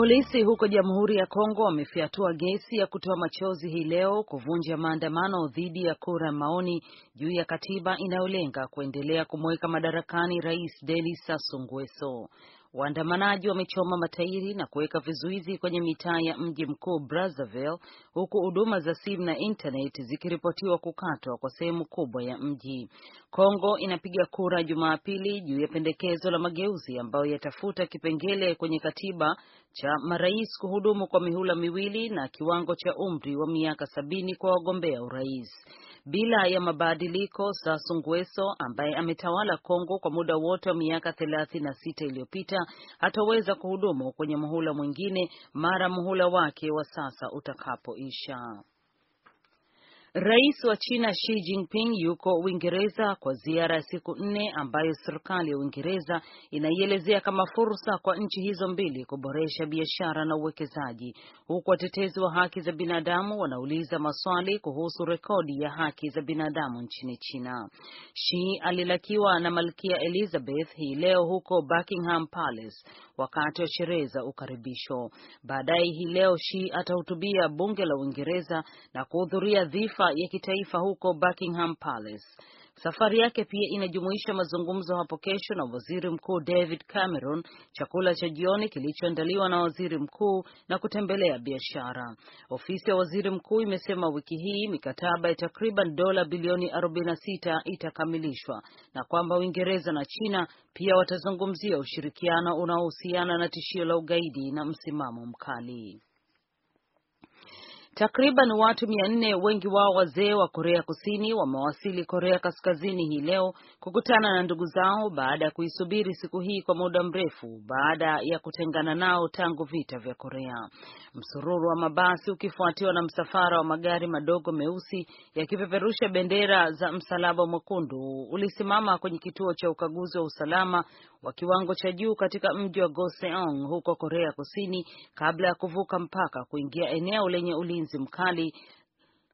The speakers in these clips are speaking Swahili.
Polisi huko Jamhuri ya Kongo wamefiatua gesi ya kutoa machozi hii leo kuvunja maandamano dhidi ya kura maoni juu ya katiba inayolenga kuendelea kumweka madarakani Rais Denis Sassou Nguesso. Waandamanaji wamechoma matairi na kuweka vizuizi kwenye mitaa ya mji mkuu Brazzaville, huku huduma za simu na internet zikiripotiwa kukatwa kwa sehemu kubwa ya mji. Kongo inapiga kura Jumapili juu ya pendekezo la mageuzi ambayo yatafuta kipengele kwenye katiba cha marais kuhudumu kwa mihula miwili na kiwango cha umri wa miaka sabini kwa wagombea urais. Bila ya mabadiliko, Sassou Nguesso ambaye ametawala Kongo kwa muda wote wa miaka sita iliyopita ataweza kuhudumu kwenye muhula mwingine mara muhula wake wa sasa utakapoisha. Rais wa China Xi Jinping yuko Uingereza kwa ziara ya siku nne ambayo serikali ya Uingereza inaielezea kama fursa kwa nchi hizo mbili kuboresha biashara na uwekezaji, huku watetezi wa haki za binadamu wanauliza maswali kuhusu rekodi ya haki za binadamu nchini China. Xi alilakiwa na Malkia Elizabeth hii leo huko Buckingham Palace wakati wa sherehe za ukaribisho. Baadaye hii leo Xi atahutubia bunge la Uingereza na kuhudhuria dhifa taarifa ya kitaifa huko Buckingham Palace. Safari yake pia inajumuisha mazungumzo hapo kesho na Waziri Mkuu David Cameron, chakula cha jioni kilichoandaliwa na waziri mkuu na kutembelea biashara. Ofisi ya waziri mkuu imesema wiki hii mikataba ya takriban dola bilioni 46 itakamilishwa na kwamba Uingereza na China pia watazungumzia ushirikiano unaohusiana na tishio la ugaidi na msimamo mkali. Takriban watu mia nne, wengi wao wazee wa Korea Kusini, wamewasili Korea Kaskazini hii leo kukutana na ndugu zao baada ya kuisubiri siku hii kwa muda mrefu baada ya kutengana nao tangu vita vya Korea. Msururu wa mabasi ukifuatiwa na msafara wa magari madogo meusi yakipeperusha bendera za Msalaba Mwekundu ulisimama kwenye kituo cha ukaguzi wa usalama wa kiwango cha juu katika mji wa Goseong huko Korea Kusini kabla ya kuvuka mpaka kuingia eneo lenye ulinzi ulinzi mkali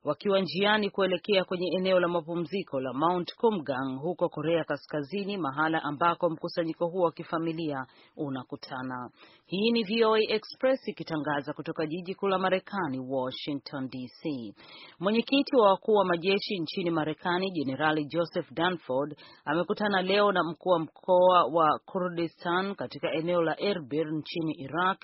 wakiwa njiani kuelekea kwenye eneo la mapumziko la Mount Kumgang huko Korea Kaskazini, mahala ambako mkusanyiko huo wa kifamilia unakutana. Hii ni VOA Express ikitangaza kutoka jiji kuu la Marekani, Washington DC. Mwenyekiti wa wakuu wa majeshi nchini Marekani, Jenerali Joseph Dunford amekutana leo na mkuu wa mkoa wa Kurdistan katika eneo la Erbil nchini Iraq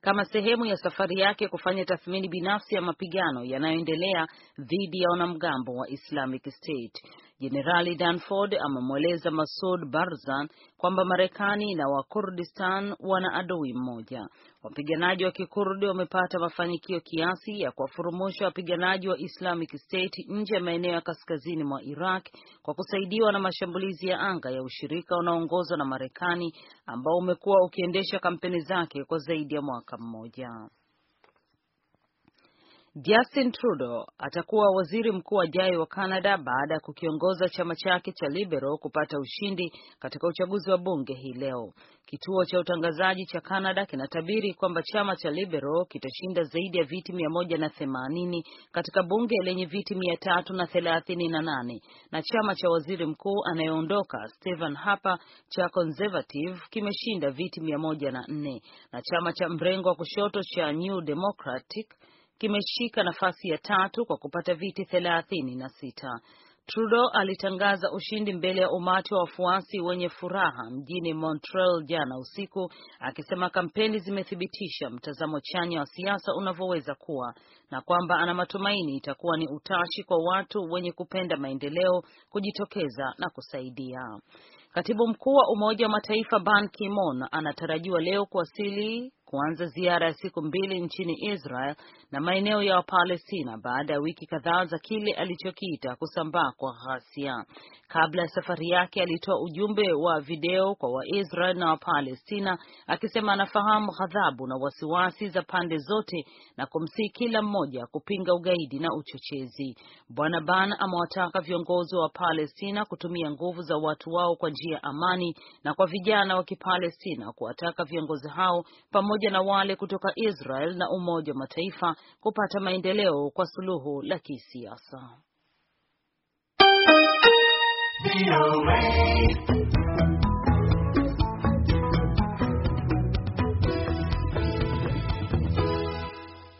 kama sehemu ya safari yake kufanya tathmini binafsi ya mapigano yanayoendelea dhidi ya wanamgambo wa Islamic State. Jenerali Danford amemweleza Masud Barzan kwamba Marekani na Wakurdistan wana adui mmoja. Wapiganaji wa Kikurdi wamepata mafanikio kiasi ya kuwafurumusha wapiganaji wa Islamic State nje ya maeneo ya kaskazini mwa Iraq kwa kusaidiwa na mashambulizi ya anga ya ushirika unaoongozwa na Marekani ambao umekuwa ukiendesha kampeni zake kwa zaidi ya mwaka mmoja. Justin Trudeau atakuwa waziri mkuu ajaye wa Canada baada ya kukiongoza chama chake cha Liberal kupata ushindi katika uchaguzi wa bunge hii leo. Kituo cha utangazaji cha Canada kinatabiri kwamba chama cha Liberal kitashinda zaidi ya viti themanini katika bunge lenye viti 338 na, na chama cha waziri mkuu anayeondoka Stephen Harper cha Conservative kimeshinda viti 104 na, na chama cha mrengo wa kushoto cha New Democratic kimeshika nafasi ya tatu kwa kupata viti thelathini na sita. Trudeau alitangaza ushindi mbele ya umati wa wafuasi wenye furaha mjini Montreal jana usiku, akisema kampeni zimethibitisha mtazamo chanya wa siasa unavyoweza kuwa na kwamba ana matumaini itakuwa ni utashi kwa watu wenye kupenda maendeleo kujitokeza na kusaidia. Katibu mkuu wa Umoja wa Mataifa Ban Ki-moon anatarajiwa leo kuwasili kuanza ziara ya siku mbili nchini Israel na maeneo ya Wapalestina baada ya wiki kadhaa za kile alichokiita kusambaa kwa ghasia. Kabla ya safari yake, alitoa ujumbe wa video kwa Waisrael na Wapalestina akisema anafahamu ghadhabu na wasiwasi za pande zote na kumsihi kila mmoja kupinga ugaidi na uchochezi. Bwana Ban amewataka viongozi wa Palestina kutumia nguvu za watu wao kwa njia amani na kwa vijana wa Kipalestina, kuwataka viongozi hao pamoja na wale kutoka Israel na Umoja wa Mataifa kupata maendeleo kwa suluhu la kisiasa.